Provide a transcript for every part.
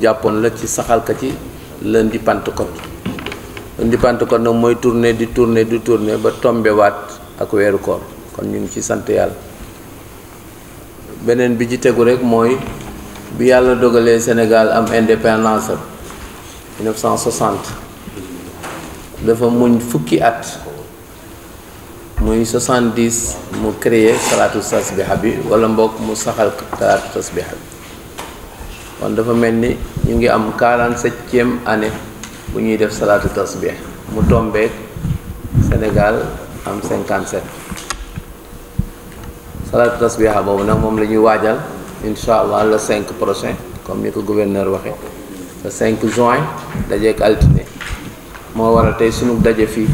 jàppoon la ci saxalka ci lundi Pentecôte lundi Pentecôte nag mooy tourner di tourner di tourner ba tombewaat ak weeru koor kon ñu ngi ci sant yàlla beneen bi ji tegu rek mooy bi yàlla dogalee Sénégal am indépendance 1960 dafa muñ fukki at muy 70 mu créer salaatu tasbiha bi wala mbokk mu saxal salaatu tasbiha bi kon dafa mel ni ñu ngi am quarante-septième année bu ñuy def salaatu tasbih mu tombeek Sénégal am cinquante-sept salaatu tasbiha boobu nag moom la ñuy waajal incha allah le 5 prochain comme ni ko gouverneur waxee le 5 juin dajeek altine moo waral tey sunu daje fii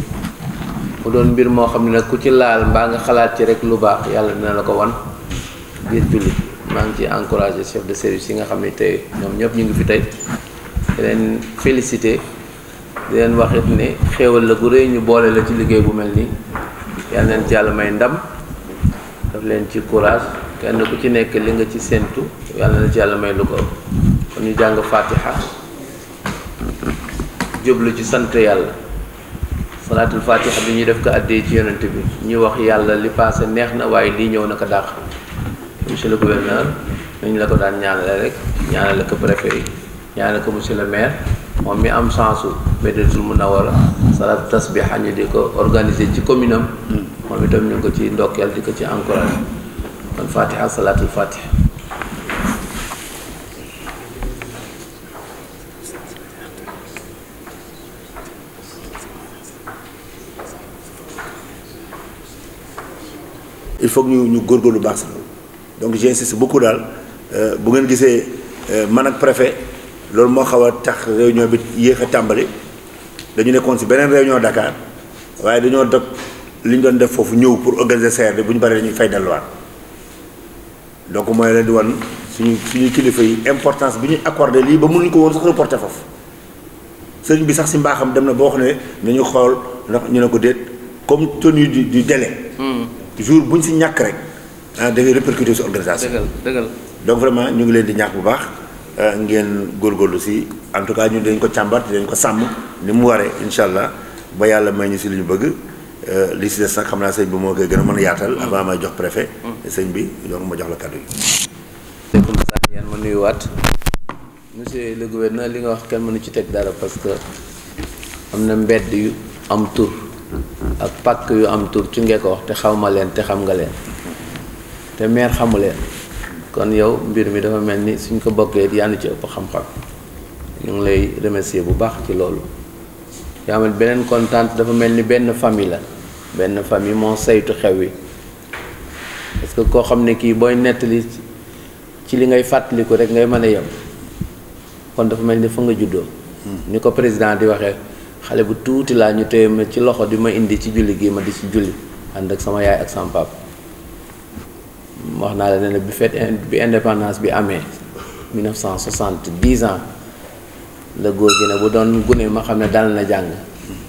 mu doon mbir moo xam ne nag ku ci laal mbaa nga xalaat ci rek lu baax yàlla dina la ko wan biir julli maa ngi ci encouragé chef de service yi nga xam ne tey ñoom ñëpp ñu ngi fi tey di leen félicité leen wax it ne xéewal la gu rëy ñu boole la ci liggéey bu mel nii yal leen ci yàlla may ndam daf leen ci courage kenn ku ci nekk li nga ci séentu yàlla na ci yàlla may lu ko kon ñu jàng fatiha jublu ci sant yàlla salaatul fatiha bi ñuy def ko àddee ci yonent bi ñuy wax yàlla li paase neex na waaye lii ñëw na ko dàq monsieur le gouverneur ni la ko daan ñaanale rek ñaanale ko préfet yi ko monsieur le maire moom mi am chance su Médinatul Munawwara salatu tasbiha ñu di ko organiser ci commune am hmm. moom itam ñu ngi ko ci ndokkeel di ko ci encouragé kon fatiha salatul fatiha donc j'insiste beaucoup daal euh, bu ngeen gisee euh, man ak préfet loolu mo xawa tax réunion bi yéex a tàmbali dañu nekkoon ci benen réunion Dakar waye dañu dog li ñu doon def fofu ñew pour organiser CRD bu buñu bari dañuy fay dal delluwaat donc moy la di won suñu suñu kilifa yi importance bi ñu accordé lii ba mënuñu ko won sax reporter fofu sëriñ bi sax ci mbaxam dem na bo xone dañu xol ndax ñu ne ko déet comme tenu du délai. Hmm. jour buñ si ñak rek. ah day répercuté si organisation. dëgg donc vraiment ñu ngi leen di ñaax bu baax ah, ngeen góorgóorlu si en tout cas ñun dañ ko càmbar dañ ko sàmm ni mu waree incha allah ba yàlla may ñu si li ñu bëgg. Ah, li ci des nag xam naa sëñ bi moo koy gën a mën a yaatal avant may jox préfet mm. sëñ bi donc ma jox la kàddu yi aleykum salaam yéen ma nuyuwaat monsieur le gouverneur li nga wax kenn mënu ci teg dara parce que am mbedd yu am tur ak pàkk yu am tur ci ngee ko wax te xaw ma te xam nga leen te meer xamu leen kon yow mbir mi dafa mel ni suñ ko bokkee yaa ci ëpp xam-xam ñu ngi lay remercier bu baax ci loolu yaa amal beneen contente dafa mel ni benn famille la benn famille moo saytu xew wi parce que koo xam ne kii booy nettali ci li ngay fàttaliku rek ngay mën a yem kon dafa mel fa nga juddoo ni président di waxee xale bu tuuti laa ñu téye ma ci loxo di ma indi ci julli gi ma di ci julli ànd ak sama yaay ak sama papa wax naa la ne bi fête bi indépendance bi amee 1960 10 ans la góor gi ne bu doon gune ma xam dal na jàng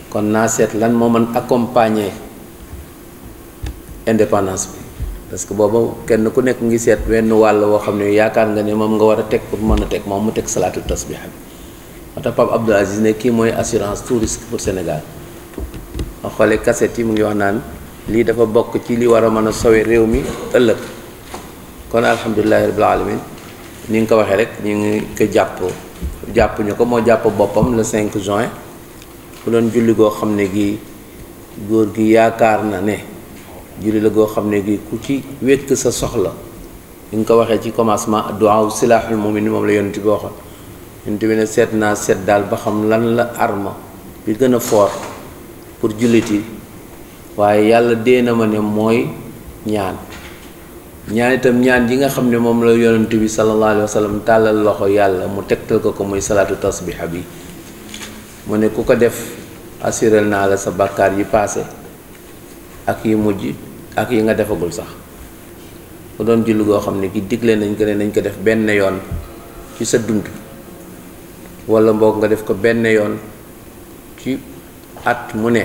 kon naa seet lan moo mën accompagner indépendance bi parce que booba kenn ku nekk ngi seet wenn wàll woo xam ne yaakaar nga ne moom nga war a teg pour mën a teg mu teg salaatu tasbih bi moo Abdou Aziz ne kii mooy assurance tout risque pour Sénégal ma xoolee cassette yi mu ngi wax naan lii dafa bokk ci li war a mën a mi ëllëg kon alhamdulilahi rabbil alamin ni nga ko waxee rek ñu ngi ko jàpp jàpp ñu ko moo jàpp boppam la 5 juin ku doon julli goo xam ne gi góor gi yaakaar na ne julli la goo xam ne gi ku ci wékk sa soxla ni nga ko waxee ci commencement duwaaw silaaxul mu'min moom la yonent bi waxoon yonent bi ne seet naa seet daal ba xam lan la arma bi gën a fort pour jullit yi waaye yàlla dee na ma ne mooy ñaan ñaan itam ñaan yi nga xam ne moom la yonent bi sallallahu alayhi wa sallam tàllal loxo yàlla mu tegtal ko ko muy salaatu tasbiha bi mu ne ku ko def assuré naa la sa bàkkaar yi paase ak yi mujj ak yi nga defagul sax ku doon julli goo xam ne ki digle nañ ko ne nañ ko def benn yoon ci sa dund wala mboog nga def ko benn yoon ci at mu ne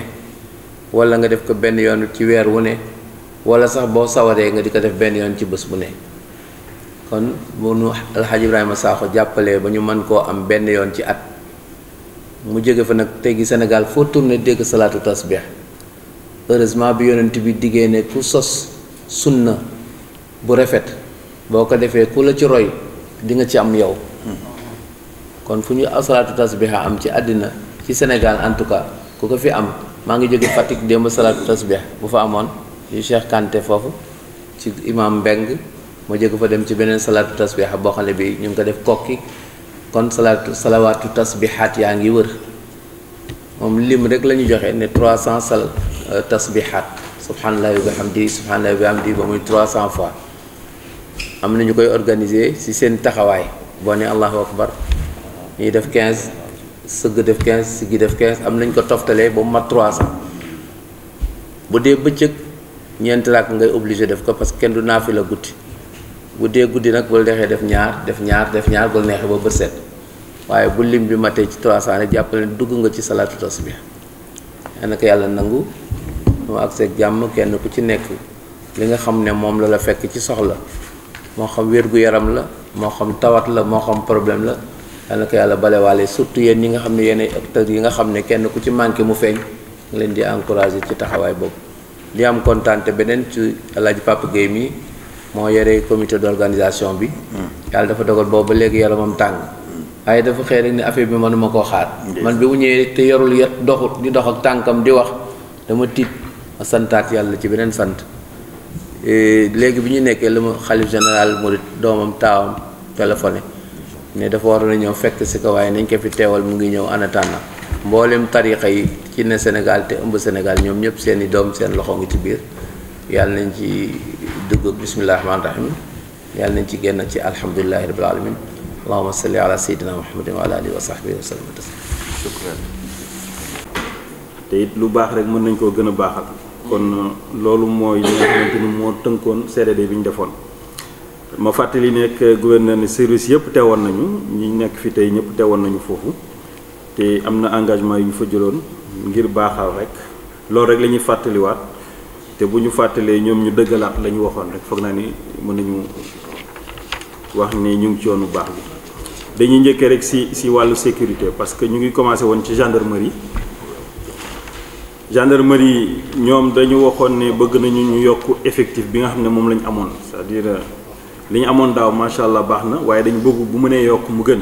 walla nga def ko benn yoon ci weer wu ne wala sax boo sawaree nga di ko def yoon ci bu kon bu nu alxaaj ibrahima saaxo jàppalee ba ñu mën am benn yoon ci at mu jóge fa nag tegi sénégal foo tourné dégg salaatu tasbih heureusement bi yonent bi diggée ne ku sos sunna bu rafet boo ko ku la ci roy di nga ci am yow kon fu ñu salaatu tasbiha am ci àddina ci sénégal en tout cas ku ko fi am maa ngi fatik fatick démb salaatu tasbih bu fa yu cheikh kanté fofu ci imam mbeng mo jëg fa dem ci beneen salaatu tasbiha boo xam ne bi ñu ko def kokki kon salat salawat tasbihaat yaa ngi wër moom lim rek la ñu joxe 300 sal euh, tasbihaat subhanallahi wa bihamdi subhanallahi wa bihamdi ba muy 300 fois am na ñu koy organiser ci seen taxawaay boo ne allahu akbar ñuy def 15 sëgg def 15 sigi def 15 am nañ ko toftalee mat 300 bu dee ñeenti rakk ngay obligé def ko parce que kenn du naafila guddi bu dee guddi nag bul dexee def ñaar def ñaar def ñaar bul neexee ba bët set waaye bu lim bi ma tey ci trois cent jàpp ne dugg nga ci salaatu tasbih na ko yàlla nangu ak sa jàmm kenn ku ci nekk li nga xam ne moom la la fekk ci soxla moo xam wér-gu-yaram la moo xam tawat la moo xam problème la yàlla na ko yàlla balewaale surtout yéen ñi nga xam ne yéen ay yi nga xam ne kenn ku ci manqué mu feeñ leen di encouragé ci taxawaay boobu li am kontaan beneen ci El Hadj Papa moo yore comité d' organisation bi. Hmm. yàlla dafa dogal boobu ba léegi yaramam tàng. waaye dafa xëy rek ni affaire bi mënuma koo xaar. man bi mu ñëwee te yarul yet doxut di dox ak tànkam di wax dama tiit ma santaat yàlla ci beneen sant. E, léegi bi ñu nekkee la ma xalif général mu doomam taawam téléphoné ne dafa waroon a ñëw fekk si ko waaye nañ ko fi teewal mu ngi ñëw ana tànna mboolem tariqa yi ci ne sénégal te ëmb sénégal ñoom ñëpp seen i doom seen loxo ngi ci biir yàlla nañ ci dugg ak bismillah rahman rahim yàlla nañ ci génn ci alhamdulilahi rabil alamin allahuma salli ala sayidina muhammadin wa ala alihi wa sahbihi wa sallam shukran te lu rek mën nañ koo kon loolu mooy li nga xamante ni moo tënkoon CDD defoon ma fàttali nekk gouverneur ni service yëpp teewoon nañu ñi nekk fi tey nañu te am na engagement yu ñu fa jëloon ngir baaxal rek loolu rek lañuy ñuy fàttaliwaat te bu ñu fàttalee ñoom ñu dëggalaat la ñu waxoon rek foog naa ni mën nañu wax ni ñu ngi ci yoonu baax bi. dañuy njëkkee rek si si wàllu sécurité parce que ñu ngi commencé woon ci gendarmerie gendarmerie ñoom dañu waxoon ne bëgg nañu ñu yokk effectif bi nga xam ne moom la ñu amoon c'est-à-dire li ñu amoon daaw macha allah baax na waaye dañu bëgg bu mënee yokk mu gën.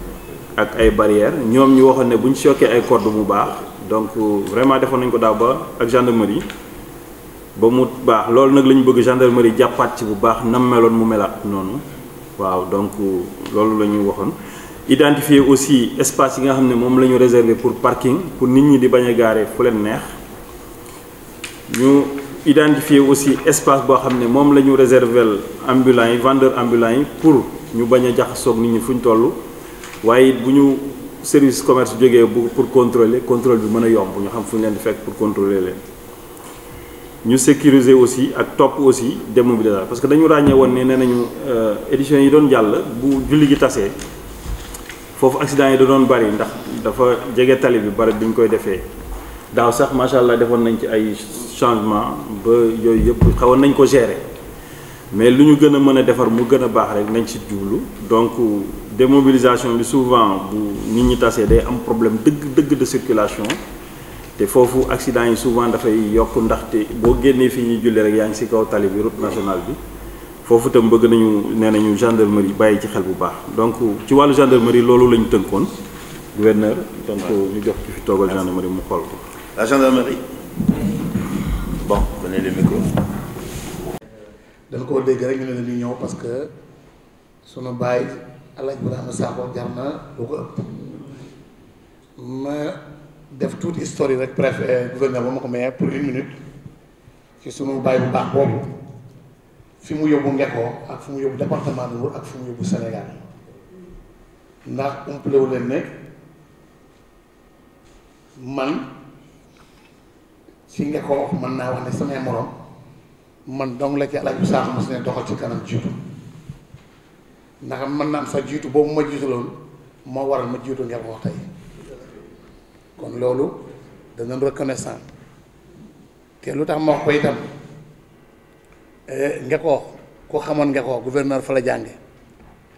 ak ay barrières ñom ñu waxoon ne choqué ay corde bu baax donc vraiment defo nañ ko daaw ak gendarmerie ba mu baax lool nak la bëgg gendarmerie jàppaat ci bu baax nam meloon mu melat noonu waaw donc loolu lañu ñu identifier aussi espace yi nga xam mom lañu réserver pour parking pour nit ñi di baña garer fu leen neex ñu identifier aussi espace bo xam mom lañu réserver ambulance vendeur ambulance pour ñu baña a jaxasoog nit ñi fuñ ñu waaye it bu ñu service commerce jógee bu pour contrôler contrôle bi mën a yomb ñu xam fu ñu leen di fekk pour contrôler leen ñu sécuriser aussi ak topp aussi demu bi dara parce que dañu ràññee woon ne nee nañu euh, éditions yi doon jàll bu julli gi tasee foofu accident yi da doon bari ndax dafa jege tali bi barab bi koy defee daaw sax macha allah defoon nañ ci ay changement ba yooyu yëpp xawoon nañ ko gérer mais lu ñu gën a mën a defar mu gën a baax rek nañ ci jublu donc démobilisation bi souvent bu nit ñi tasee day am problème dëgg dëgg de circulation té fofu accident yi souvent da fay yok ndax té bo génné fi ñi julli rek yaa ngi ci kaw tali bi route nationale bi fofu tam bëgg nañu nee gendarmerie bayyi ci xel bu baax donc ci walu gendarmerie lolu lañu ñu gouverneur donc ñu jox ci fi toogal gendarmerie mu xol la gendarmerie bon prenez le micro. dañ ko dégg rek ñu ne ñëw parce que sunu baay. Allah Ibrahima Sakho jar na ko ma def toute histoire rek préfet eh, gouverneur ba ma pour une minute ci sunu bàyyi bu baax fi mu yóbbu ak fi mu département de ak fi vous Sénégal ndax umpalewu le ne man si Ngekoo Man na wax ne samay morom man dong la ci alaaj bu Sakho mos ne ndax mën naa am sa jiitu boobu ma jiituloon moo waral ma jiitu ngeen wax tey kon loolu danañ reconnaissant te lu tax ma wax ko itam eh, ngekoox ku xamoon ngekoox gouverneur fa la jànge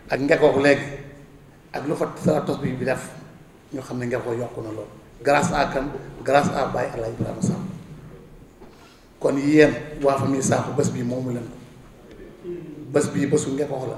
ak ngekoox léegi ak lu fa sa tos bi bi def ñu xam ne ngekoox yokku na loolu grâce à kan grâce à Baye El Ibrahima kon yéen waa famille Sakho bés bii moomu leen ko bés bii bésu ngekoox la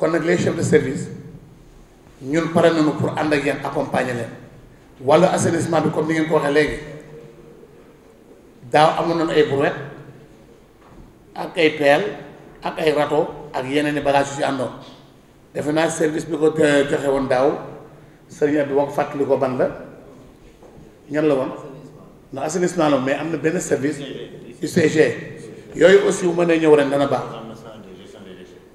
kon nag les chefs de service ñun pare nañu pour ànd ak yéen accompagner leen wàllu assainissement bi comme ni ngeen ko waxee léegi daaw amoon nañu ay brouette ak ay pelle ak ay rato ak yeneen i bagages yu si àndoon defe naa service bi ko euh, joxe woon daaw sëriñ bi wax fàttali ko ban la ñan la woon non assainissement la mais am na benn service UCG yooyu aussi bu mënee ñëw ren dana baax.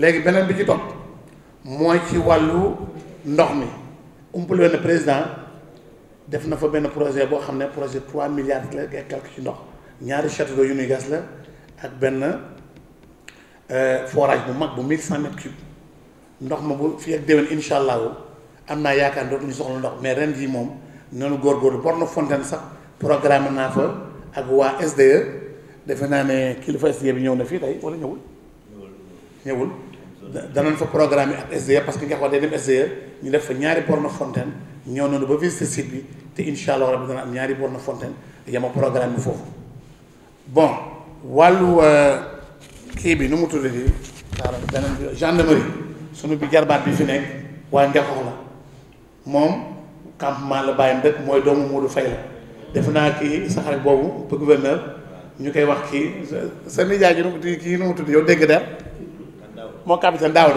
léegi beneen bi ci topp mooy ci wàllu ndox mi umpale na président def na fa benn projet boo xam ne projet trois milliards la et ci ndox ñaari château d'eau yu ñuy gas la ak benn euh, forage bu mag bu mille cent mètres cubes ndox ma bu fi ak déwén incha allahu am naa yaakaar dootuñu soxla ndox mais ren jii moom noonu góorgóorlu borne fontaine sax programme naa fa ak waa SDE defe naa ne kilifa SDE bi ñëw na fii tey walla ñëwul ñëwul danañ fa programme ak parce que nga xam dem SDE ñu def fa ñaari fontaine ñëw ba site bi te incha allah dana am ñaari borne fontaine yama programme bon wàllu euh, kii nous nu mu tudd di gendarmerie sunu bi jarbaat bi fi nekk waa la moom campement la bàyyam rek mooy doomu la def naa kii boobu gouverneur wax kii sa ji nu kii nu mu tudd moo capitaine daaw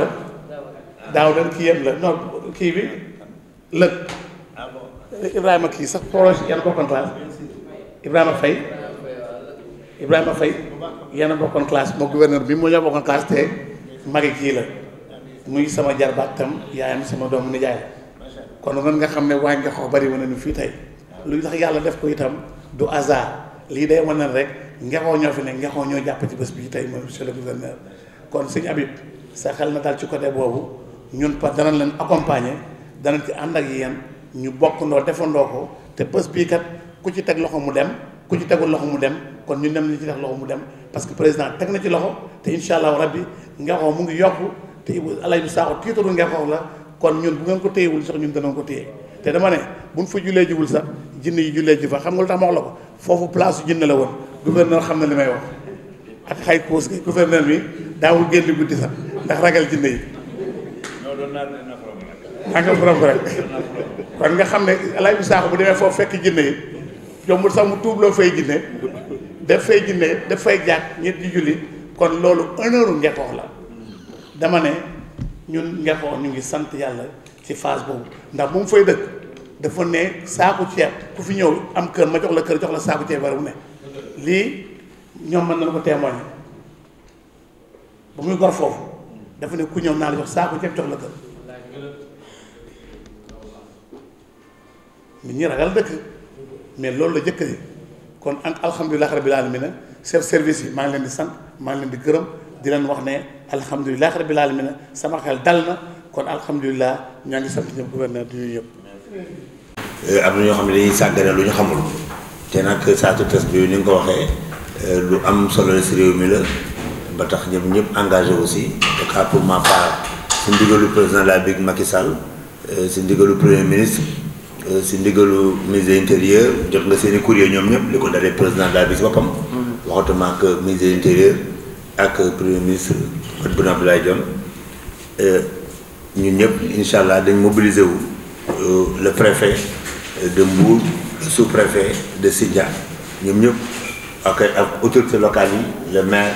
Daouda kii yem la non kii bi lëg ah, Ibrahima kii sax projet yan bokkoon classe Ibrahima Faye Ibrahima Faye yan bokkoon classe moo gouverneur bi mu ñoo bokkoon classe te magi kii la muy sama jarbaat tam yaayam sama doomu nijaay kon mën nga xam ne waañ nga xaw bari wane ni fii tey lu tax yàlla def ko itam du hasard lii day wane rek ngexoo ñoo fi ne ngexoo ñoo jàpp ci bés bii tey mooy monsieur le kon sëñ Habib sa xel na daal ci côté boobu ñun pa danañ leen accompagner danañ ci ànd ak yéen ñu bokk bokkandoo defandoo ko te bés bii kat ku ci teg loxo mu dem ku ci tegul loxo mu dem kon ñu dem ni ci teg loxo mu dem parce que président teg na ci loxo te incha allahu rabbi Ngexo mu ngi yokku te alay bu saaxu tiitaru Ngexo la kon ñun bu ngeen ko téyewul sax ñun danañ ko téye te dama ne buñ fa julee jiwul sax jinn yi julee ji fa xam nga lu tax ma foofu place su jinn la woon gouverneur xam na li may wax ak xay pause gouverneur bi daawul génn guddi sax ndax ragal jinne yi nangam borom ko rek kon nga xam ne alay bi saaxu bu demee foofu fekk jinne yi jombul sax mu tuubloo fay jinne daf fay jinne daf fay jàkk ñett julli kon loolu honneur Ngekoox la dama ne ñun Ngekoox ñu ngi sant yàlla ci phase boobu ndax bu mu fay dëkk dafa ne saaku ceeb ku fi ñëw am kër ma jox la kër jox la saaku ceeb war mu ne lii ñoom mën nañu ko témoigner bu muy gor foofu dafa ne ku ñëw naa la jox saako ceeb jox la kër nit ñi ragal dëkk mais loolu la jëkkër yi kon ak alhamdulilah rabil aalamiina chef service yi maa ngi leen di sant maa ngi leen di gërëm di leen wax ne alhamdulilah rabil aalamiina sama xel dal na kon alhamdulilah ñaa ngi sant ñëpp gouverneur du ñuy yëpp. Euh, am na ñoo xam ne dañuy sàggane lu ñu xamul te nag saa su test bi ni nga ko waxee euh, lu am solo la si réew mi la. ba tax ñepp ñepp engagé aussi en cas pour ma part ci ndigalu président de la République Macky Sall ci euh, ndigalu premier ministre ci euh, ndigalu ministre intérieur jot nga seen courrier ñom ñepp liko ko président de la République si boppam. Mm-hmm. waxatuma ak ministre intérieur ak premier ministre Maître Boun Abdallah Dionne euh, ñun inshallah incha dañ mobiliser wu le préfet de Mbour sous-préfet de Sindian ñom ñepp ak ak autorités locales yi le maire.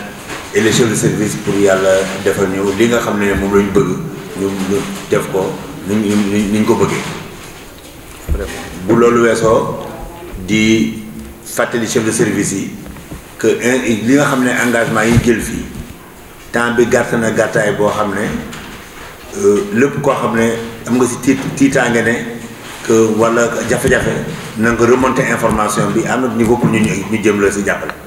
et les de service pour yàlla defa ñu li nga xam ne moom la ñu bëgg ñu ñu def ko ni ñu ni ñu ko bëggee. bu loolu weesoo di fàttali chef de service yi que li nga xam ne engagement yi jël fii temps bi gàtt na gàttaay boo xam ne euh, lépp koo xam ne am nga si tiit tiitaange ne que wala jafe-jafe na nga remonter information bi à notre ñu pour ñu ñu jëm la si jàppale.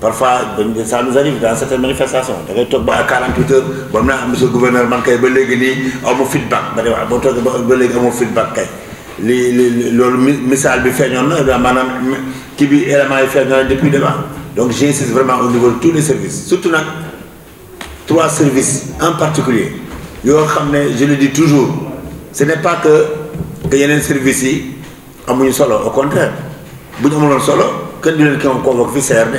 parfois ben, ben, ça nous arrive dans certaines manifestations da y a à 48 heures M. Ah, monsieur le gouverneur man kay ba léegi nii amu feedback ba ne a boo toogee ba ba amu feedback kay li bi élément depuis débat donc j'insiste vraiment au niveau de tous les services surtout trois services en particulier je le dis toujours ce n'est pas que que yeneen service yi amuñu solo au contraire bu on amuloon solo quand on leen ki convoque fi CRD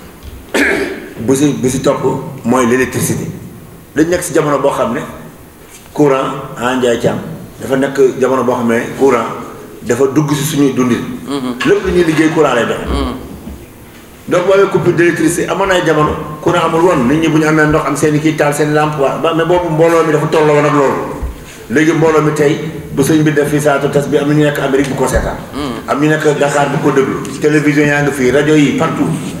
bu si bu si topp mooy l'électricité dañ nekk si jamono boo xam ne courant ah Ndiaye dafa nekk jamono boo xam ne courant dafa dugg si suñuy dundin. Mm-hmm. lépp lu ñuy liggéey courant lay dox. Mm-hmm. donc boo amee coupure d'électricité amoon na ay jamono courant amul woon nit ñi bu ñu amee ndox am seen i kii taal seen lampe waa ba mais boobu mbooloo mi dafa tolloo woon ak loolu léegi mbooloo mi tey bu sëñ bi def fii saatu tas bi am ñu nekk Amérique bu ko seetaan. Mm-hmm. am ñu nekk yaa ngi fii rajo yi partout.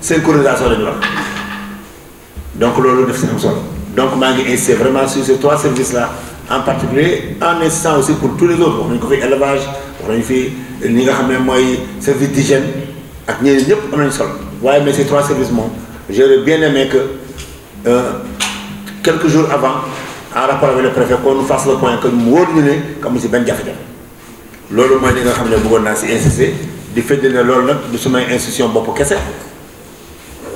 C'est synchronisation la ñu donc loolu def fait am donc maa ngi insister vraiment sur ces trois services là en particulier en insistant aussi pour tous les autres on nañu élevage on nañu fi li nga xam ne service d'hygiène ak ñeneen ñëpp am nañu sol. waaye mais ces trois services moom j'aurais bien aimé que euh, quelques jours avant en rapport avec le préfet qu'on nous fasse le point que mu wóor ñu ne amul si benn jafe-jafe loolu mooy li nga xam ne bëggoon naa insister di pour qu'est-ce du sumay institution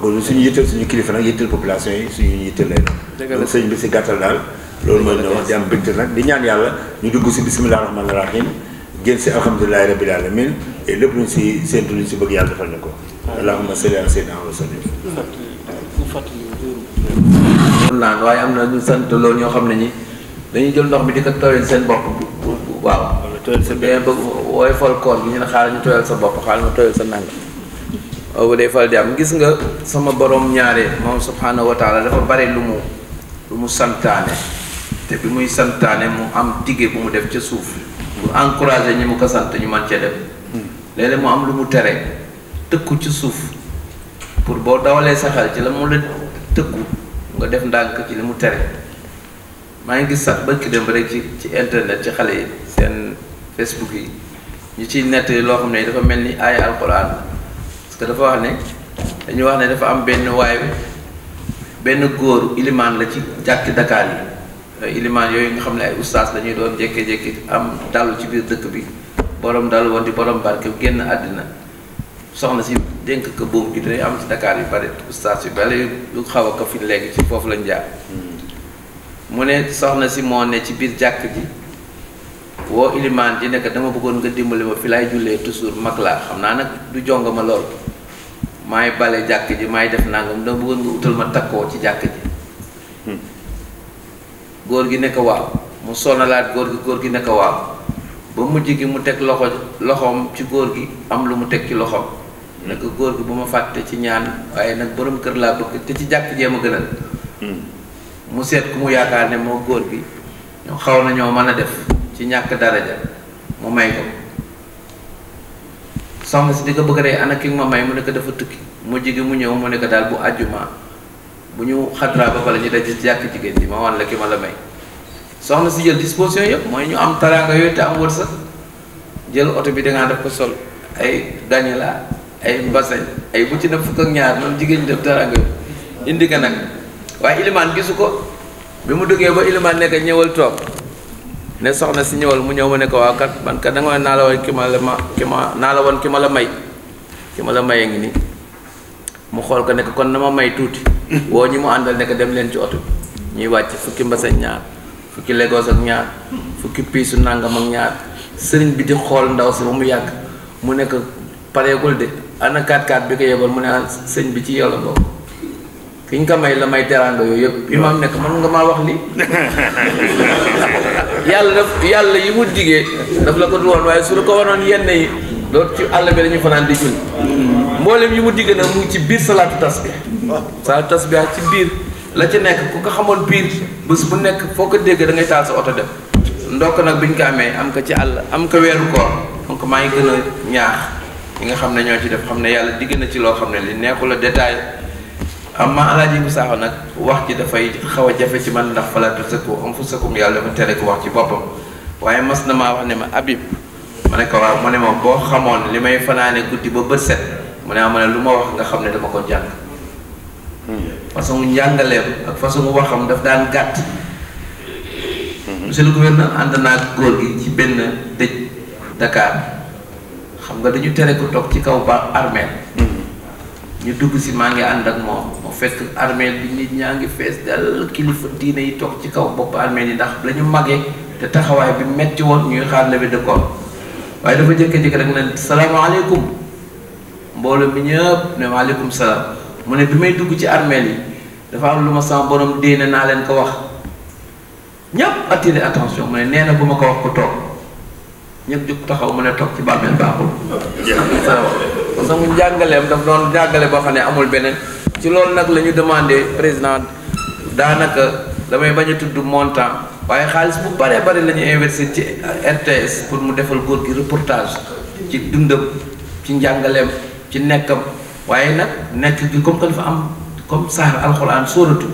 ko su suñu yitteel suñu kilifa nag yitteel population yi suñu yitteel lay doon. donc sëñ bi si gàttal daal. loolu mooy ñoo wax di ñaan yàlla ñu dugg si bisimilah rahmaani rahim génn si alhamdulilah rabil lépp luñ si séntu luñ si bëgg yàlla defal na ko. allahumma salli ala sayyidina wa sallim. naan waaye am na ñu sant loolu ñoo xam ne ñi dañuy jël ndox mi di ko tooyal seen bopp. waaw tooyal seen bopp mais bëgg woyofal koor gi ñu ne xaaral ñu tooyal sa bopp xaaral ma tooyal sa nangam. bu dee fal di am gis nga sama boroom ñaare moom subhaanahu wa dafa bari lu mu lu mu santaane te bi muy santaane mu am dige bu mu def ca suuf pour encourager ñi mu ko sant ñu man cee dem léeg-léeg mu am lu mu tere tëkku ci suuf pour boo dawalee sa ci la mu la tëkku nga def ndànk ci li mu tere maa ngi gis sax bëkk dem rek ci ci internet ci xale yi seen facebook yi ñu ciy nett loo xam ne dafa mel ni ay alquran te dafa wax ne dañu wax ne dafa am benn waay benn góor ilimaan la ci jàkki Dakar yi euh, ilimaan yooyu nga xam ne ay doon jékki am dalu ci biir dëkk bi borom dalu woon di borom barke génn àddina soxna si dénk ko boobu am ci Dakar yu bari ustaas yu bari yu xaw a ko fi léegi ci foofu lañ jaar hmm. mu ne soxna si moo ne ci biir jàkk ji woo ilimaan di ne dama bëggoon nga dimbali ma fi laay jullee toujours mag laa xam naa nag du jong ma loolu maay bale jàkk ji maay def nangam dama bëggoon nga utal ma takkoo ci jàkk ji hmm. góor gi ne ko waaw mu sonalaat góor gi góor gi ne ko waaw ba mujj gi mu teg loxo loxoom ci góor gi am lu mu teg ci loxoom hmm. ne góor gi bu ma fàtte ci ñaan waaye nag borom kër laa bëgg te ci jàkk jee ma gënal hmm. mu seet ku mu yaakaar ne moo góor gi ñoo xaw na ñoo mën a def ci ñàkk daraja mu may ko soxna si di ko bëgg a rey ana ki ma may mu nekk dafa tukki mujj gi mu ñëw mu nekk daal bu àjjuma bu ñu xadra ba pare ñu daje jàkk jigéen ji ma wan la ki ma la may soxna si jël disposition ya, ya. yëpp mooy ñu am taraanga ya, yooyu te am wërsëg jël oto bi da ngaa def ko sol ay gañala ay mbasañ ay bu ci na fukk ak ñaar noonu jigéen def taraanga indi ka nag waaye ilimaan gisu ko bi mu duggee ba ilimaan nekk ñëwal toog ne soxna si ñëwal mu ñëw ma ko waaw kat man kat da nga naa la woon ki ma la ma ki ma naa la woon ki la may ngi nii mu xool ko ne ko kon na ma may tuuti woo ñi mu àndal ne ko dem leen ci oto ñuy wàcc fukki mbasa ñaar fukki legos ak ñaar fukki piisu nangam ak ñaar bi di ndaw mu mu ne ko de ana 4 bi ko yebal mu ne ah, sëñ bi ci yow la kiñ may la may teranga man nga wax yàlla daf yàlla yi mu diggee daf la ko du waaye su la ko wanoon yenn yi loolu ci àll bi dañuy fanaan di julli mboolem yi mu digg na mu ngi ci biir salaatu tasbih salaatu tasbih ci biir la ci nekk ku ko xamoon biir bés bu nekk foo ko dégg da ngay taal sa oto def ndokk nag bi ñu ko amee am ko ci àll am ko weeru koor donc maa ngi gën a ñaax ñi nga xam ne ñoo ci def xam ne yàlla digg na ci loo xam ne li neexul a Mama alaji alaaji nak saaxo nag wax ji dafay xaw a jafe ci man ndax fala tusaku anfusakum yàlla ya dafa tere ko wax ci boppam waaye mas na maa wax ne ma abib ma ne ko waaw mu ne ma boo xamoon li may fanaane guddi ba bët set mu ne ma wax nga xam dama ko jàng façon ak façon waxam daf daan monsieur le gouverneur ànd naa góor gi ci benn dakar xam nga dañu tere ko toog ci kaw ba armée ñu dugg si maa ngi ànd ak moom mu fekk armeel bi nit ñaa ngi fees dal kilifa diine yi toog ci kaw bopp armeel yi ndax la ñu màggee te taxawaay bi metti woon ñuy xaar levée de corps waaye dafa jëkk-jëkk rek ne salaamaaleykum mbooloo mi ñëpp ne waaleykum salaam mu ne bi may dugg ci armeel yi dafa am lu ma sama borom déene naa leen ko wax ñëpp attiré attention mu ne nee na bu ma ko wax ko toog ñëpp taxaw mu ne toog ci bàmmeel baaxul. parce que njàngaleem daf doon jàngale boo xam ne amul beneen ci loolu nag la ñu demandé président daanaka damay bañ a tudd montant waaye xaalis bu baree bari la ñu investir ci RTS pour mu defal góor gi reportage ci dundam ci njàngaleem ci nekkam waaye nag nekk gi comme que dafa am comme saar alxuraan sóoratu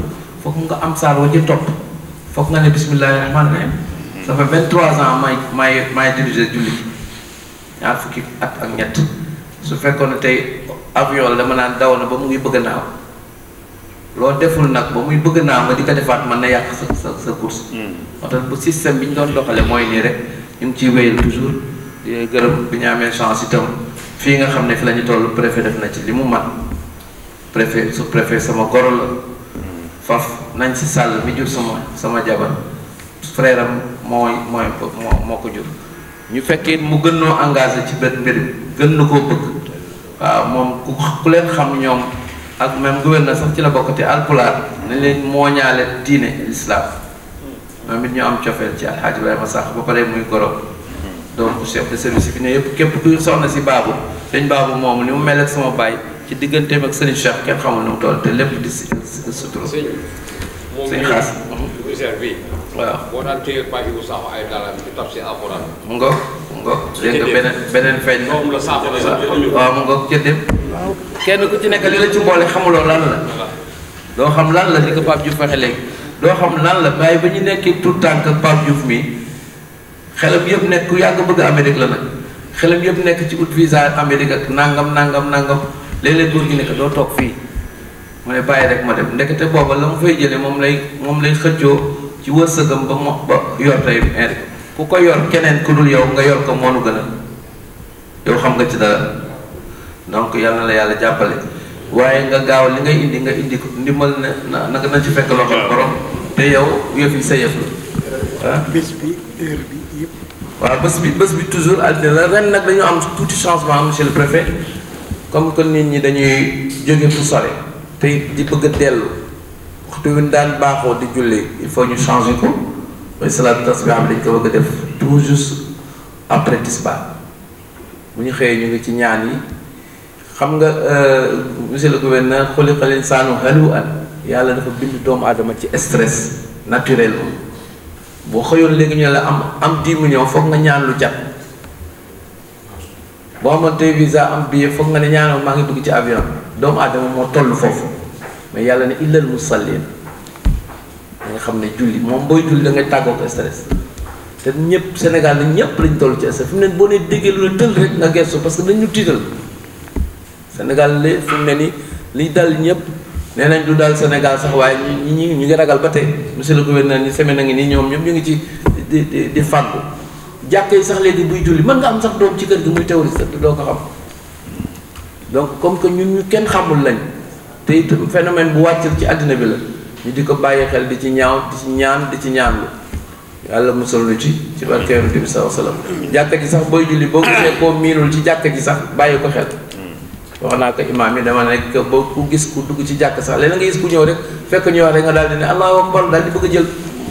foog nga am saar wa ci topp foog nga ne bismillahi rahmaani rahim ça fait vingt-trois ans may may may dirigé julli ñaar fukki at ak ñett su fekkoon ne avio avion la dama naan daw na ba mu bëgg naaw loo deful nak ba muy bëgg naaw nga di defaat mën na yàq sa sa sa course. moo tax bu système bi ñu doon doxale mooy nii rek ñu ngi ciy toujours di gërëm bi ñu amee chance itam fii nga xam fi la ñu préfet def na ci li mu préfet su préfet sama goro la hmm. faf nañ si sàll mi jur sama sama jabar frère am mooy mooy moo kujur ko jur ñu fekkee mu gën noo engagé ci mbir gën bëgg waaw moom ku ku leen xam ñoom ak même gouverneur sax ci la bokk te alpulaar nañ leen mooñaale diine l'islam moom it ñu am cofeel ci alxaaji Ibrahima Sakho ba pare muy goro donc chef de service bi ne yëpp képp ku soxna si baabu sëñ baabu moomu ni mu mel ak sama baay ci digganteem ak sëriñ Cheikh kenn xamul nu mu toll te lépp di si sutura sëñ xaas waaw boo daan téye pàcc bu sax ay ko dégg nga beneen beneen feeñ na waaw mu ngoog cëddéem kenn ku ci nekk li la ci mboole xamuloo lan la doo xam lan la li ko Pape Diouf waxe léegi doo xam lan la bàyyi ba ñu nekkee tout tànk Pape Diouf mi xelam yëpp nekk ku yàgg bëgg Amérique la nag xelam yëpp nekk ci ut visa Amérique ak nangam nangam nangam léeg-léeg góor gi nekk doo toog fii mu ne bàyyi rek ma dem ndekete booba la mu fay jëlee moom lay moom lay xëccoo ci wërsëgam ba mo ba yor tey ku ko yor keneen ku dul yow nga yor ko moonu gën a yow xam nga ci dara donc yàlla na la yàlla jàppale waaye nga gaaw li ngay indi nga indi ko ndimbal ne na na na ci fekk loxo borom te yow yëf yi sa yëf la ah bés bi waaw bés bi bés bi toujours altine la ren nag dañu am tuuti changement monsieur le préfet comme que nit ñi dañuy jóge fu sore te di bëgg a dellu waxtu wi daan baaxoo di julli il faut ñu changer ko mooy salaatu tasbih bi dañ ko bëgg a def tout jours après bu ñu xëyee ñu ngi ci ñaan yi xam nga euh, monsieur le gouverneur xuliqal insaanu haluu'an yàlla dafa bind doomu aadama ci stress naturel boo xëyoon léegi ñu la am am 10 millions foog nga ñaan lu jàpp boo amoon tey visa am billet foog nga ne ñaanal maa ngi dugg ci avion doomu aadama moo toll foofu mais yàlla ne illal musallin nga xam ne julli moom booy julli da ngay tàggoo ko stress te ñëpp Sénégal ne ñëpp lañ toll ci stress fi mu ne boo nee déggee lu la tël rek nga gestu parce que dañ ñu tiital Sénégal li fi mu ne ni li dal ñëpp nee nañ du dal Sénégal sax waaye ñi ñi ñu ngi ragal ba tey monsieur le gouverneur ni semaine ngi nii ñoom ñoom ñu ngi ci di di di fàggu jàkk sax léegi buy julli mën nga am sax doom ci kër gi muy terroriste te doo ko xam donc comme que ñun ñu kenn xamul lañ te it phénomène bu wàccal ci àddina bi la ñu eh, di ko bàyyi xel di ci ñaaw di ci ñaan di ci ñaanlu yàlla musal nu ci ci barke yonent bi sallallahu alayhi wasallam jàkka ji sax booy julli boo gisee koo miinul ci jàkka ji sax bàyyi ko xel wax naa ko imaam yi dama nekk ba ku gis ku dugg ci jàkk sax léeg nga gis ku ñëw rek fekk ñu wax rek nga daal di ne akbar daal di bëgg jël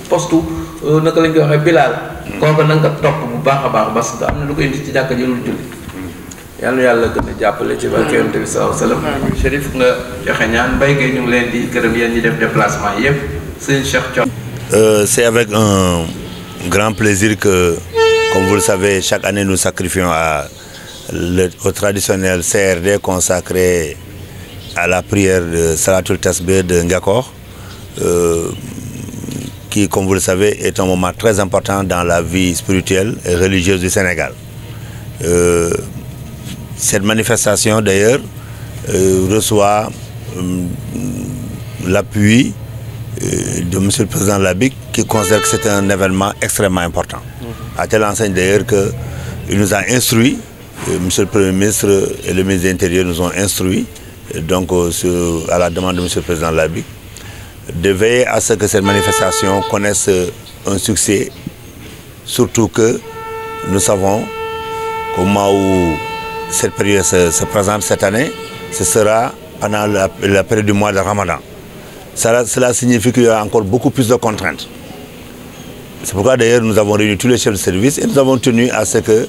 postu naka lañ koy waxee bilaal kooku na nga topp bu baax baax parce que am lu ko indi ci jàkka ji lu julli c'est avec un grand plaisir que comme vous le savez chaque année nous sacrifions au traditionnel CRD consacré à la prière de Salatul Tasbih de Ngakor euh, qui comme vous le savez est un moment très important dans la vie spirituelle et religieuse du Sénégal. Euh, cette manifestation d'ailleurs euh, reçoit euh, l'appui euh, de M. le Président Labic qui considère que c'est un événement extrêmement important. A mhm. À telle enseigne d'ailleurs qu'il nous a instruit M. le Premier ministre et le ministre de l'Intérieur nous ont instruits, donc à la demande de M. le Président Labic, de veiller à ce que cette manifestation connaisse un succès, surtout que nous savons qu'au moment où cette période se, présente cette année, ce sera pendant la, période du mois de Ramadan. cela signifie qu'il y a encore beaucoup plus de contraintes. C'est pourquoi d'ailleurs nous avons réuni tous les chefs de service et nous avons tenu à ce que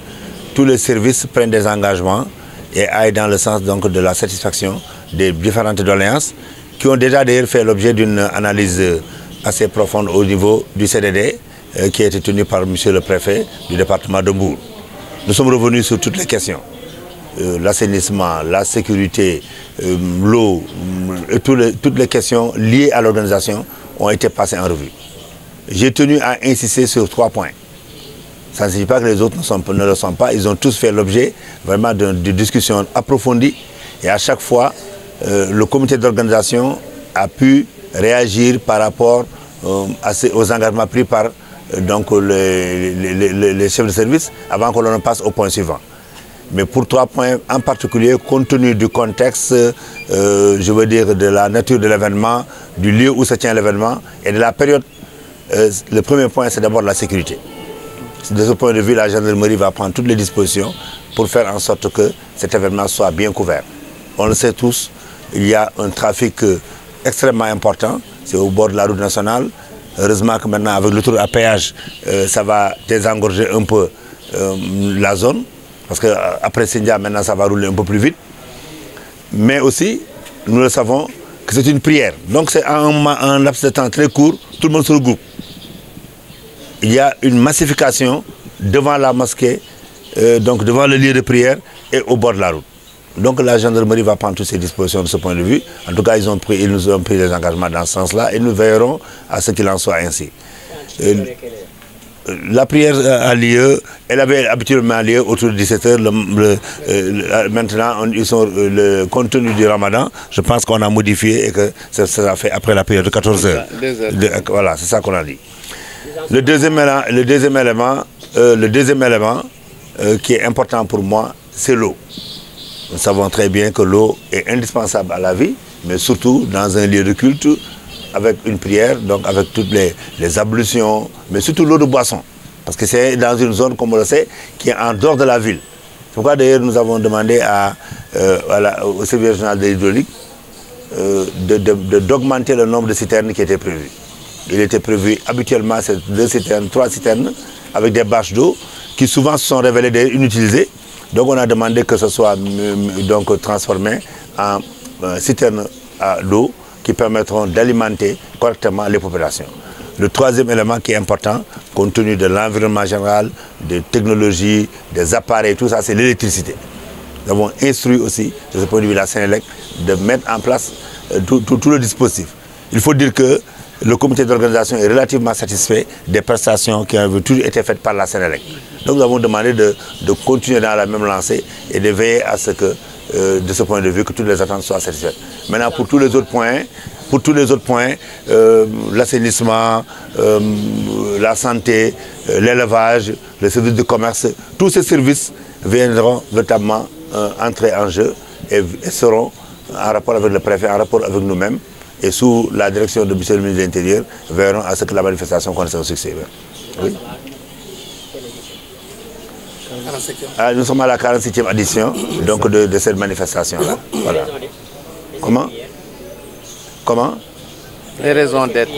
tous les services prennent des engagements et aillent dans le sens donc, de la satisfaction des différentes doléances qui ont déjà d'ailleurs fait l'objet d'une analyse assez profonde au niveau du CDD euh, qui a été tenu par M. le préfet du département de Bourg. Nous sommes revenus sur toutes les questions. Euh, l'assainissement, la sécurité, euh, l'eau, euh, toutes les questions liées à l'organisation ont été passées en revue. J'ai tenu à insister sur trois points. Ça ne signifie pas que les autres ne, le sont pas. Ils ont tous fait l'objet vraiment de, discussions approfondies. Et à chaque fois, le comité d'organisation a pu réagir par rapport aux engagements pris par donc les, les, chefs de service avant que l'on passe au point suivant mais pour trois points en particulier, compte tenu du contexte, euh, je veux dire de la nature de l'événement, du lieu où se tient l'événement et de la période. Euh, le premier point, c'est d'abord la sécurité. De ce point de vue, la gendarmerie va prendre toutes les dispositions pour faire en sorte que cet événement soit bien couvert. On le sait tous, il y a un trafic euh, extrêmement important, c'est au bord de la route nationale. Heureusement que maintenant, avec le tour à péage, ça va désengorger un peu la zone. Parce qu'après euh, Sindia, maintenant, ça va rouler un peu plus vite. Mais aussi, nous le savons, que c'est une prière. Donc c'est un, un laps de temps très court, tout le monde se regroupe. Il y a une massification devant la mosquée, euh, donc devant le lieu de prière et au bord de la route. Donc la gendarmerie va prendre toutes ses dispositions de ce point de vue. En tout cas, ils, ont pris, ils nous ont pris des engagements dans ce sens-là et nous veillerons à ce qu'il en soit ainsi. Euh, euh, la prière euh, a lieu, elle avait habituellement lieu autour de 17h. Euh, maintenant, ils le contenu du ramadan, je pense qu'on a modifié et que ça sera fait après la prière de 14h. voilà, c'est ça qu'on a dit. Le deuxième élément, le deuxième élément, le deuxième élément qui est important pour moi, c'est l'eau. Nous savons très bien que l'eau est indispensable à la vie, mais surtout dans un lieu de culte avec une prière, donc avec toutes les, ablutions, mais surtout l'eau de boisson. Parce que c'est dans une zone, comme on le sait, qui est en dehors de la ville. C'est pourquoi d'ailleurs nous avons demandé à, euh, au service général de l'hydraulique euh, d'augmenter le nombre de citernes qui étaient prévues. Il était prévu habituellement deux citernes, trois citernes avec des bâches d'eau qui souvent se sont révélées inutilisées. Donc on a demandé que ce soit euh, donc, transformé en citernes à d'eau qui permettront d'alimenter correctement les populations. Le troisième élément qui est important, compte tenu de l'environnement général, des technologies, des appareils, tout ça, c'est l'électricité. Nous avons instruit aussi, de ce point de la Sénélec, de mettre en place euh, tout, le dispositif. Il faut dire que le comité d'organisation est relativement satisfait des prestations qui ont toujours été faites par la Sénélec. Donc nous avons demandé de continuer dans la même lancée et de veiller à ce que euh, de ce point de vue que toutes les attentes soient satisfaites. Maintenant, pour tous les autres points, pour tous les autres points, euh, l'assainissement, euh, la santé, l'élevage, le service de commerce, tous ces services viendront véritablement entrer en jeu et, seront en rapport avec le préfet, en rapport avec nous-mêmes et sous la direction de M. ministre de l'Intérieur, verront à ce que la manifestation connaisse un succès. Oui. Ah, nous sommes à la 47e édition donc de, cette manifestation-là. Uh-huh. Comment Comment les raisons d'être.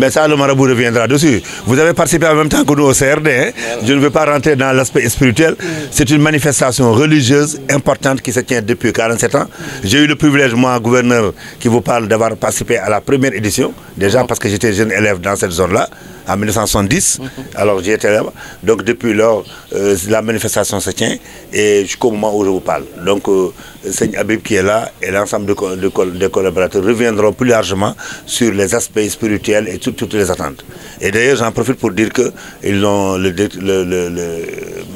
Mais ça, le marabout reviendra dessus. Vous avez participé en même temps que nous au CRD. Hein. Je ne veux pas rentrer dans l'aspect spirituel. C'est une manifestation religieuse importante qui se tient depuis 47 ans. J'ai eu le privilège, moi, gouverneur, qui vous parle, d'avoir participé à la première édition, déjà uh-huh. parce que j'étais jeune élève dans cette zone-là en 1970. Alors j'étais là Donc depuis lors, euh, la manifestation se tient et jusqu'au moment où je vous parle. Donc Seigneur Seigne Habib qui est là et l'ensemble des de, collaborateurs reviendront plus largement sur les aspects spirituels et toutes toutes les attentes. Et d'ailleurs, j'en profite pour dire que ils ont le,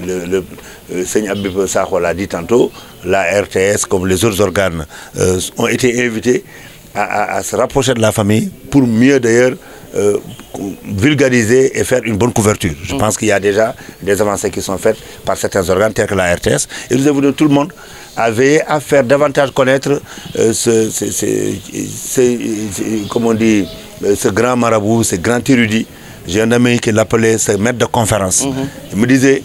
euh, Seigneur Abib Sahra l'a dit tantôt, la RTS comme les autres organes euh, ont été invités à, se rapprocher de la famille pour mieux d'ailleurs euh, vulgariser et faire une bonne couverture. Je mm. pense qu'il y a déjà des avancées qui sont faites par certains organes tels que la RTS. Et nous avons tout le monde à veiller à faire davantage connaître euh, ce, euh, ce grand marabout, ce grand érudit. J'ai un ami qui l'appelait ce maître de conférence. Mm-hmm. Il me disait,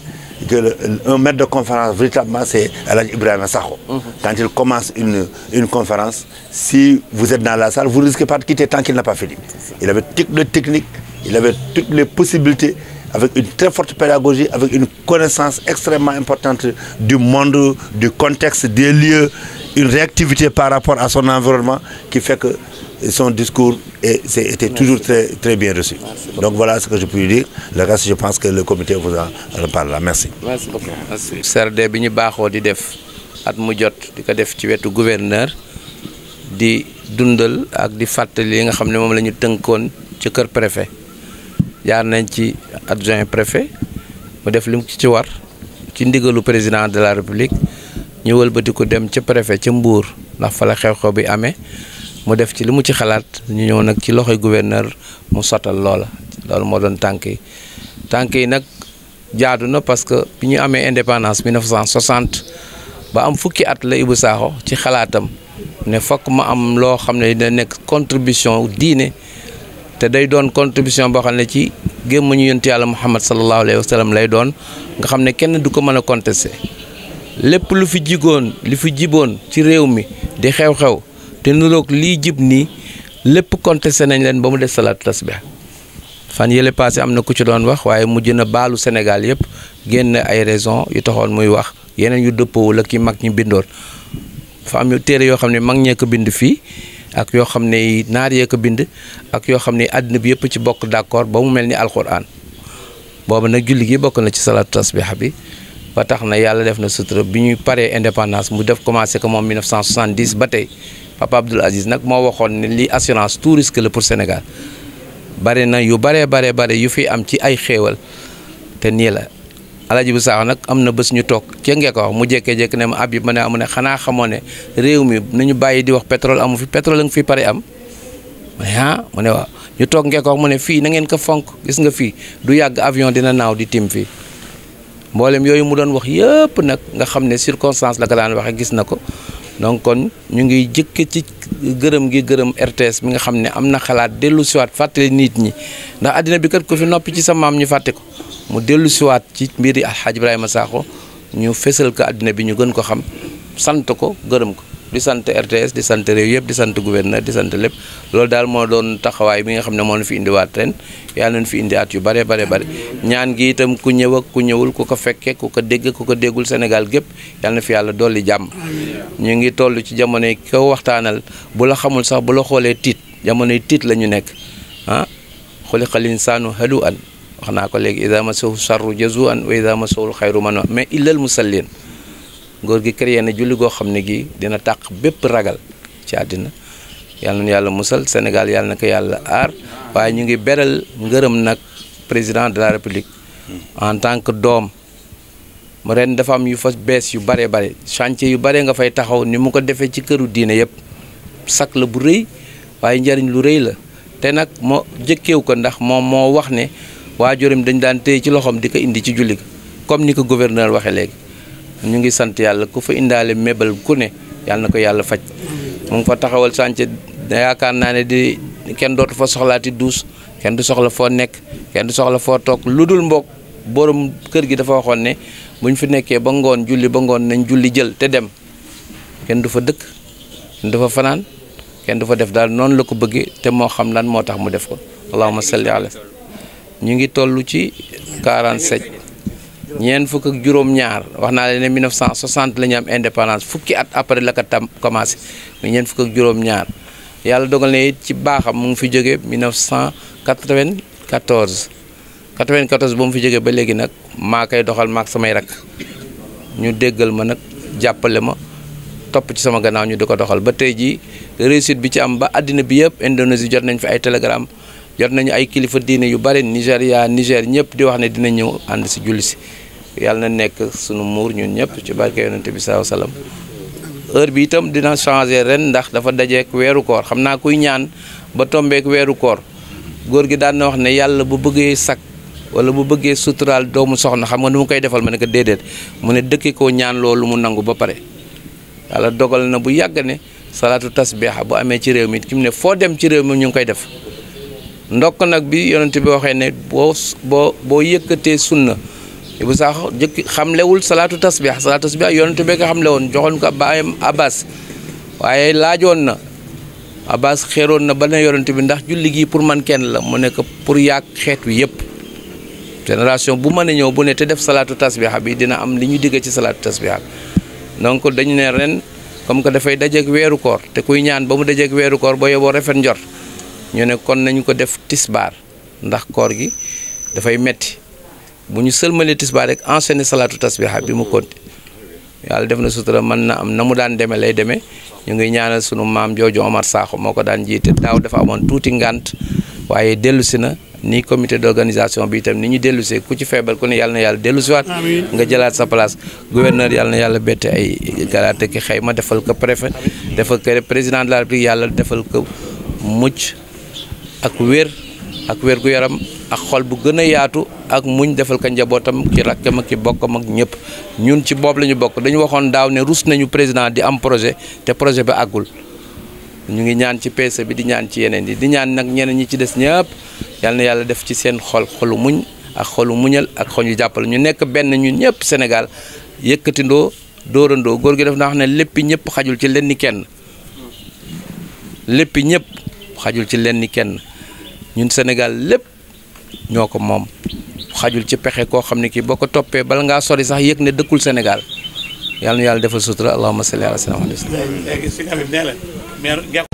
un maître de conférence, véritablement, c'est al Ibrahim Sakho. Mhm. Quand il commence une, une conférence, si vous êtes dans la salle, vous ne risquez pas de quitter tant qu'il n'a pas fini. Il avait toutes les techniques, il avait toutes les possibilités, avec une très forte pédagogie, avec une connaissance extrêmement importante du monde, du contexte, des lieux, une réactivité par rapport à son environnement qui fait que son discours était toujours très, très bien reçu. Donc voilà ce que je peux dire. Le reste, je pense que le comité vous en reparlera. Merci. Merci beaucoup. CRD bi ñu di def at mu jot def ci gouverneur di dundal ak di fàttali li nga xam mom lañu la ci kër préfet jaar nañ ci adjoint préfet mu def lim mu ci war ci ndigalu président de la république ñu wëlbati dem ci préfet ci Mbour ndax fa la xew-xew bi amé mu def ci li mu ci xalaat ñu ñëw nag ci loxoy gouverneur mu sottal loola loolu moo doon tànk yi tànk yi nag jaadu na parce que bi ñu amee indépendance 1960 ba am fukki at la Ibou Sakho ci xalaatam ne fokk ma am loo xam ne dina nekk contribution diine te day doon contribution boo xam ne ci gémmañu yonent yàlla Muhammad sallallahu alayhi wa sallam lay doon nga xam ne kenn du ko mën a contesté lépp lu fi jigoon lu fi jiboon ci réew mi di xew-xew te nuroog lii jib nii lépp contesté nañ leen ba mu des salaatu tasbih fan yële passé am na ku ci doon wax waaye mujj na baalu senegal yëpp génn ay raison yu taxoon muy wax yeneen yu dëppoowul ak ki mag ñi bindoon fa am téere yoo xam ne mag ñeek bind fii ak yoo xam ne naar yeek ko bind ak yoo xam ne àddina bi yëpp ci bokk d'accord ba mu mel ni alxuraan boobu nag julli gi bokk na ci salaatu tasbih bi ba tax na yàlla def na sutura bi ñuy paree indépendance mu def commencé ko moom 1970 ba tey Papa Abdoul Aziz nag moo waxoon ne lii assurance tout risque la pour Sénégal bare na yu baree baree bare yu fi am ci ay xéewal te nii la Alaaji bu saax nag am na bés ñu toog ca ngee ko wax mu jékkee-jékk ne ma ab yi ma ne amu ah, ne xanaa xamoo ne réew mi nañu bàyyi di wax pétrole amu fi pétrole a nga fi am ma ne ah, mu ne ñu toog ngee ko mu ne fii na ngeen ko fonk gis nga fii du yàgg avion dina naaw di tim fii mboolem yooyu mu doon wax yëpp nag nga xam ne circonstance la ko daan waxee gis na ko donc kon ñu ngi jëkk ci gërëm gi gërëm RTS bi nga xam ne am na xalaat dellu siwaat fàttali nit ñi ndax àddina bi kat ko fi noppi ci sa maam ñu fàtte ko mu dellu siwaat ci mbiri Alxaaj Ibrahima Sakho ñu fésal ko àddina bi ñu gën ko xam sant ko gërëm ko di sant RTS di sant réew yëpp di sant gouverneur di sant lépp loolu daal moo doon taxawaay bi nga xam ne moo fi indiwaat ren yàlla nañ fi indi at yu bare bare bare ñaan gi itam ku ñëw ak ku ñëwul ku ko fekke ku ko dégg ku ko déggul Sénégal gépp yàlla na fi yàlla dolli jàmm ñu ngi toll ci jamono yi ko waxtaanal bu la xamul sax bu la xoolee tiit jamono yi tiit la ñu nekk ah xuliqal insaanu halu'an wax naa ko léegi ida masahu charru jazuan wa ida masahu xayru manu'an góor gi créé na julli goo xam ne gi dina tàq bépp ragal ci àddina yàlla na yàlla musal Sénégal yàlla na ko yàlla aar waaye ñu ngi beral ngërëm nag président de la république hmm. en tant que doom mu ren dafa am yu fa bees yu bare bare chantier yu bare nga fay taxaw ni mu ko defee ci këru diine yëpp sak la bu rëy waaye njariñ lu rëy la te nag moo jëkkeew ko ndax moom moo wax ne waa waajuram dañ daan téye ci loxoom di ko indi ci julli comme ni ko gouverneur waxee léegi ñu ngi sant yàlla ku fa indaale mébal ku ne yàlla na ko yàlla faj mu ngi fa taxawal sànc yaakaar naa ne di kenn dootu fa soxlaati duus kenn du soxla foo nekk kenn du soxla foo toog lu dul mbokk borom kër gi dafa waxoon ne bu ñu fi nekkee ba ngoon julli ba ngoon nañ julli jël te dem kenn du fa dëkk kenn du fa fanaan kenn du fa def daal noonu la ko bëggee te moo xam lan moo tax mu def ko allahumma salli ala ñu ngi tollu ci 47 ñeent fukk ak juróom-ñaar wax naa leen ne 1960 la ñu am indépendance fukki at après la ko tam commencé mais ñeent fukk ak juróom-ñaar yàlla dogal na ci baaxam mu ngi fi jóge 1994 94 ba mu fi jógee ba léegi nag maa koy doxal maak samay rak ñu déggal ma nag jàppale ma topp ci sama gannaaw ñu di ko doxal ba tey jii réussite bi ci am ba àddina bi yëpp Indonésie jot nañ fi ay télégramme jot nañu ay kilifa diine yu bari Nigéria Niger ñëpp di wax ne dina ñëw ànd si julli si yàlla na nekk sunu muur ñun ñëpp ci barke yonente bi saaw salaam heure bi itam dina changer ren ndax dafa dajeek weeru koor xam naa kuy ñaan ba tombeek weeru koor góor gi daan na wax ne yàlla bu bëggee sakk wala bu bëggee suturaal doomu soxna xam nga nu koy defal ma ne ko déedéet mu ne dëkki koo ñaan loolu mu nangu ba pare yàlla dogal na bu yàgg ne salaatu tasbiha bu amee ci réew mi ki mu ne foo dem ci réew mi ñu ngi koy def ndokk nag bi yonent bi waxee ne boo boo boo yëkkatee sunna Ibou Sakho jëkk xamlewul salaatu tasbih salaatu tasbih yonentu bee ko xamle woon joxoon ko baayam Abbas waaye laajoon na Abbas xeeroon na ba ne yonent bi ndax julli gi pour man kenn la mu nekk pour yàq xeet wi yépp génération bu mën a ñëw bu ne te def salaatu tasbiha bi dina am li ñu digg ci salaatu tasbiha bi donc dañu ne ren comme que dafay dajeeg weeru koor te kuy ñaan ba mu dajeeg weeru koor ba yoboo rafet njor ñoo ne kon nañu ko def tisbaar ndax koor gi dafay metti bu ñu sëlmalee tisbaar rek enchaîné salaatu tasbiha bi mu konti yàlla def na sutura man na am na mu daan demee lay demee ñu ngi ñaanal sunu maam jooju Omar Sakho moo ko daan jiite daaw dafa amoon tuuti ngànt waaye dellu si na ni comité d'organisation bi itam ni ñu dellusee ku ci feebar ko ne yàlla na yàlla dellusiwaat nga jëlaat sa place gouverneur yàlla na yàlla bette ay galaate ki xayma defal ko préfet defal ko président de la république yàlla defal ko mucc ak ak wér gu yaram ak xol bu gën a yaatu ak muñ defal ka njabootam ki rakkam ak ki bokkam ak ñëpp ñun ci boobu la ñu dañu waxoon daaw ne rus nañu président di am projet te projet ba àggul ñu ngi ñaan ci PC e bi di ñaan ci yeneen yi di ñaan nag ñeneen ñi ci des ñëpp yal na yàlla def ci seen xol xolu muñ ak xolu muñal ak xol yu jàppale ñu nekk benn ñun ñëpp Sénégal yëkkatindoo dóorandoo góor gi def naa xam ne léppi ñëpp xajul ci lenn kenn léppi ñëpp xajul ci lenn kenn ñun Sénégal lépp ñoo ko moom xajul ci pexe koo xam ne kii boo ko toppee bala ngaa sori sax yëg ne dëkkul Sénégal yàlla na yàlla defal sutura allahumma salli ala sayyidina Muhammad